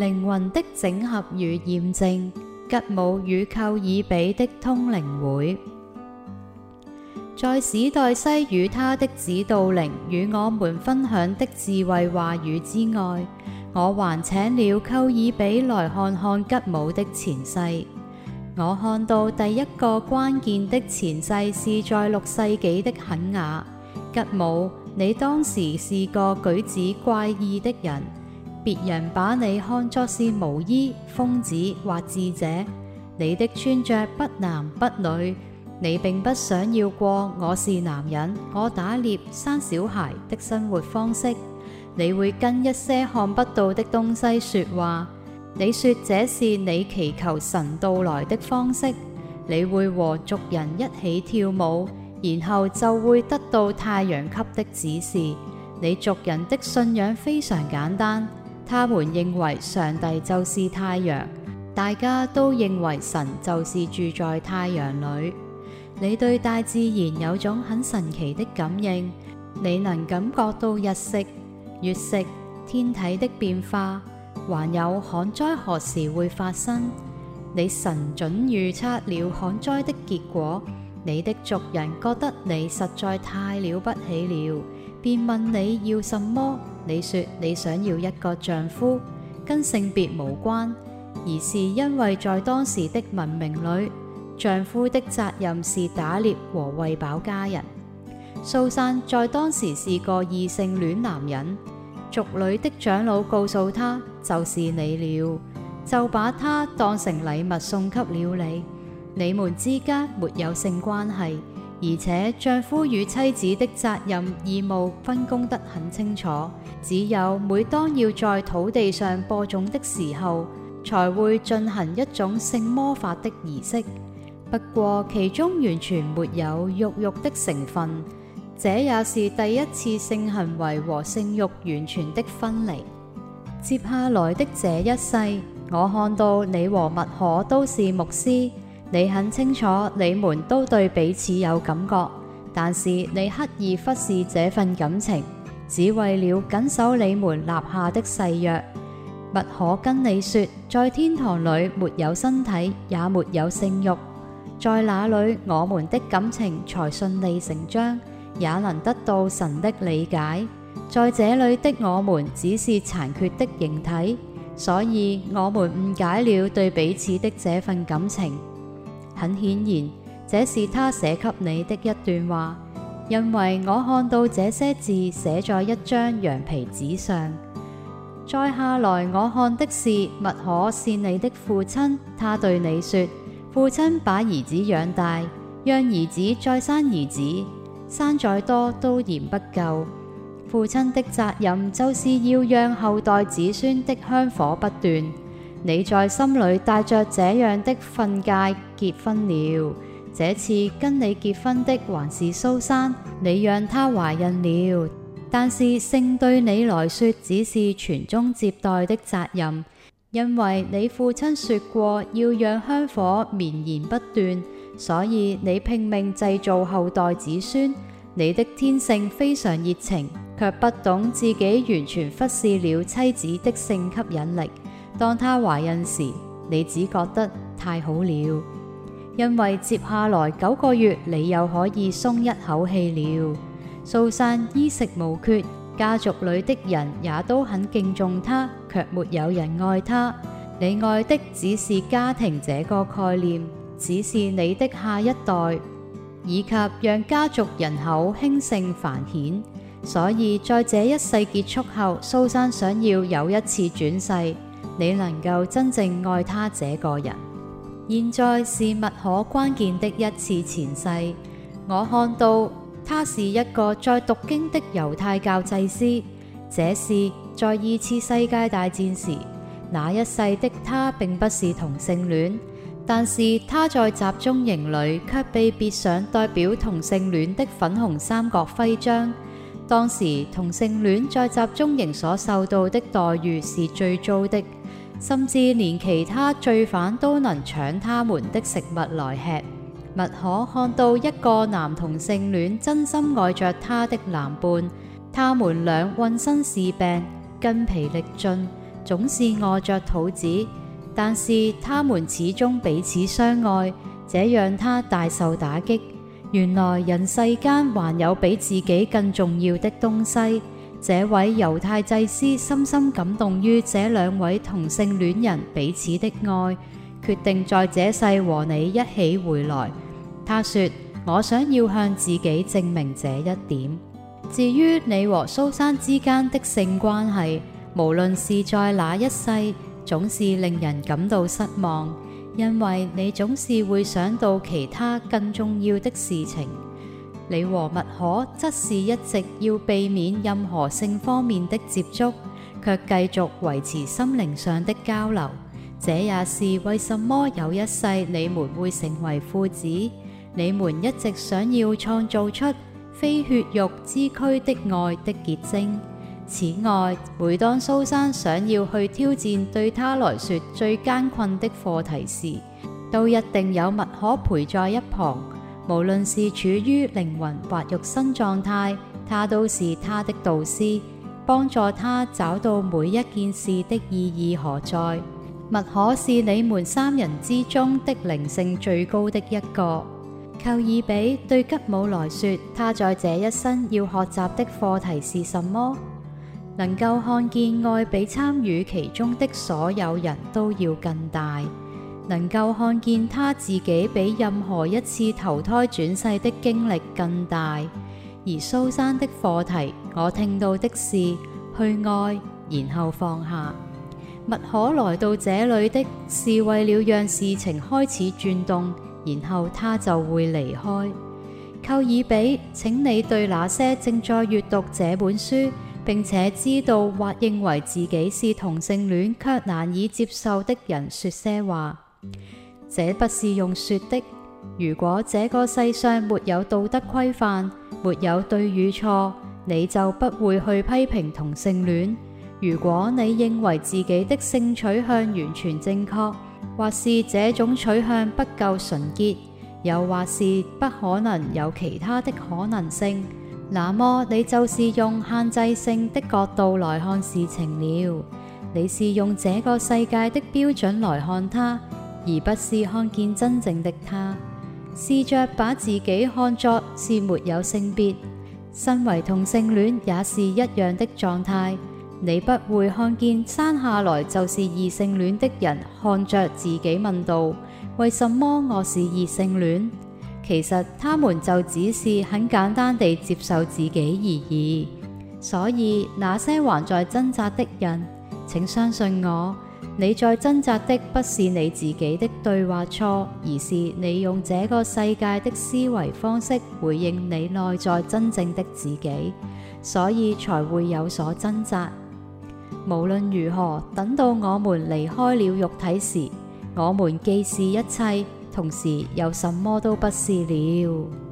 靈魂的整合與驗證，吉姆與蔻爾比的通靈會，在史代西與他的指導靈與我們分享的智慧話語之外，我還請了蔻爾比來看看吉姆的前世。我看到第一個關鍵的前世是在六世紀的肯雅。吉姆，你當時是個舉止怪異的人。別人把你看作是巫醫、瘋子或智者。你的穿着不男不女，你並不想要過我是男人，我打獵生小孩的生活方式。你會跟一些看不到的東西說話。你說這是你祈求神到來的方式。你會和族人一起跳舞，然後就會得到太陽給的指示。你族人的信仰非常簡單。他們認為上帝就是太陽，大家都認為神就是住在太陽裏。你對大自然有種很神奇的感應，你能感覺到日食、月食、天體的變化，還有旱災何時會發生。你神準預測了旱災的結果，你的族人覺得你實在太了不起了。便問你要什麼？你說你想要一個丈夫，跟性別無關，而是因為在當時的文明裏，丈夫的責任是打獵和餵飽家人。蘇珊在當時是個異性戀男人，族裏的長老告訴他就是你了，就把他當成禮物送給了你，你們之間沒有性關係。而且丈夫與妻子的責任義務分工得很清楚，只有每當要在土地上播種的時候，才會進行一種性魔法的儀式。不過其中完全沒有肉欲的成分，這也是第一次性行為和性欲完全的分離。接下來的這一世，我看到你和麥可都是牧師。你很清楚，你們都對彼此有感覺，但是你刻意忽視這份感情，只為了謹守你們立下的誓約。勿可跟你說，在天堂裏沒有身體，也沒有性欲，在那裏我們的感情才順理成章，也能得到神的理解。在這裏的我們只是殘缺的形體，所以我們誤解了對彼此的這份感情。很顯然，這是他寫給你的一段話，因為我看到這些字寫在一張羊皮紙上。再下來，我看的是，麥可是你的父親，他對你說，父親把兒子養大，讓兒子再生兒子，生再多都嫌不夠，父親的責任就是要讓後代子孫的香火不斷。你在心裏帶着這樣的訓誡結婚了。這次跟你結婚的還是蘇珊，你讓她懷孕了。但是性對你來說只是傳宗接代的責任，因為你父親說過要讓香火綿延不斷，所以你拼命製造後代子孫。你的天性非常熱情，卻不懂自己完全忽視了妻子的性吸引力。當她懷孕時，你只覺得太好了，因為接下來九個月你又可以鬆一口氣了。蘇珊衣食無缺，家族裏的人也都很敬重她，卻沒有人愛她。你愛的只是家庭這個概念，只是你的下一代，以及讓家族人口興盛繁衍。所以在這一世結束後，蘇珊想要有一次轉世。你能夠真正愛他這個人。現在是密可關鍵的一次前世。我看到他是一個在讀經的猶太教祭司。這是在二次世界大戰時那一世的他，並不是同性戀，但是他在集中營裡卻被別上代表同性戀的粉紅三角徽章。當時同性戀在集中營所受到的待遇是最糟的。甚至連其他罪犯都能搶他們的食物來吃。麥可看到一個男同性戀真心愛着他的男伴，他們倆渾身是病，筋疲力盡，總是餓着肚子，但是他們始終彼此相愛，這讓他大受打擊。原來人世間還有比自己更重要的東西。這位猶太祭司深深感動於這兩位同性戀人彼此的愛，決定在這世和你一起回來。他說：我想要向自己證明這一點。至於你和蘇珊之間的性關係，無論是在哪一世，總是令人感到失望，因為你總是會想到其他更重要的事情。你和麥可則是一直要避免任何性方面的接觸，卻繼續維持心靈上的交流。這也是為什麼有一世你們會成為父子。你們一直想要創造出非血肉之軀的愛的結晶。此外，每當蘇珊想要去挑戰對她來說最艱困的課題時，都一定有麥可陪在一旁。無論是處於靈魂或肉身狀態，他都是他的導師，幫助他找到每一件事的意義何在。麥可是你們三人之中的靈性最高的一個。蔻爾比對吉姆來說，他在這一生要學習的課題是什麼？能夠看見愛比參與其中的所有人都要更大。能夠看見他自己比任何一次投胎轉世的經歷更大。而蘇珊的課題，我聽到的是去愛然後放下。麥可來到這裏的是為了讓事情開始轉動，然後他就會離開。蔻爾比，請你對那些正在閱讀這本書並且知道或認為自己是同性戀卻難以接受的人說些話。這不是用說的。如果這個世上沒有道德規範，沒有對與錯，你就不會去批評同性戀。如果你認為自己的性取向完全正確，或是這種取向不夠純潔，又或是不可能有其他的可能性，那麼你就是用限制性的角度來看事情了。你是用這個世界的標準來看它。而不是看見真正的他，試著把自己看作是沒有性別，身為同性戀也是一樣的狀態。你不會看見生下來就是異性戀的人，看著自己問道：為什麼我是異性戀？其實他們就只是很簡單地接受自己而已。所以那些還在掙扎的人，請相信我。你在掙扎的不是你自己的對或錯，而是你用這個世界的思維方式回應你內在真正的自己，所以才會有所掙扎。無論如何，等到我們離開了肉體時，我們既是一切，同時又什麼都不是了。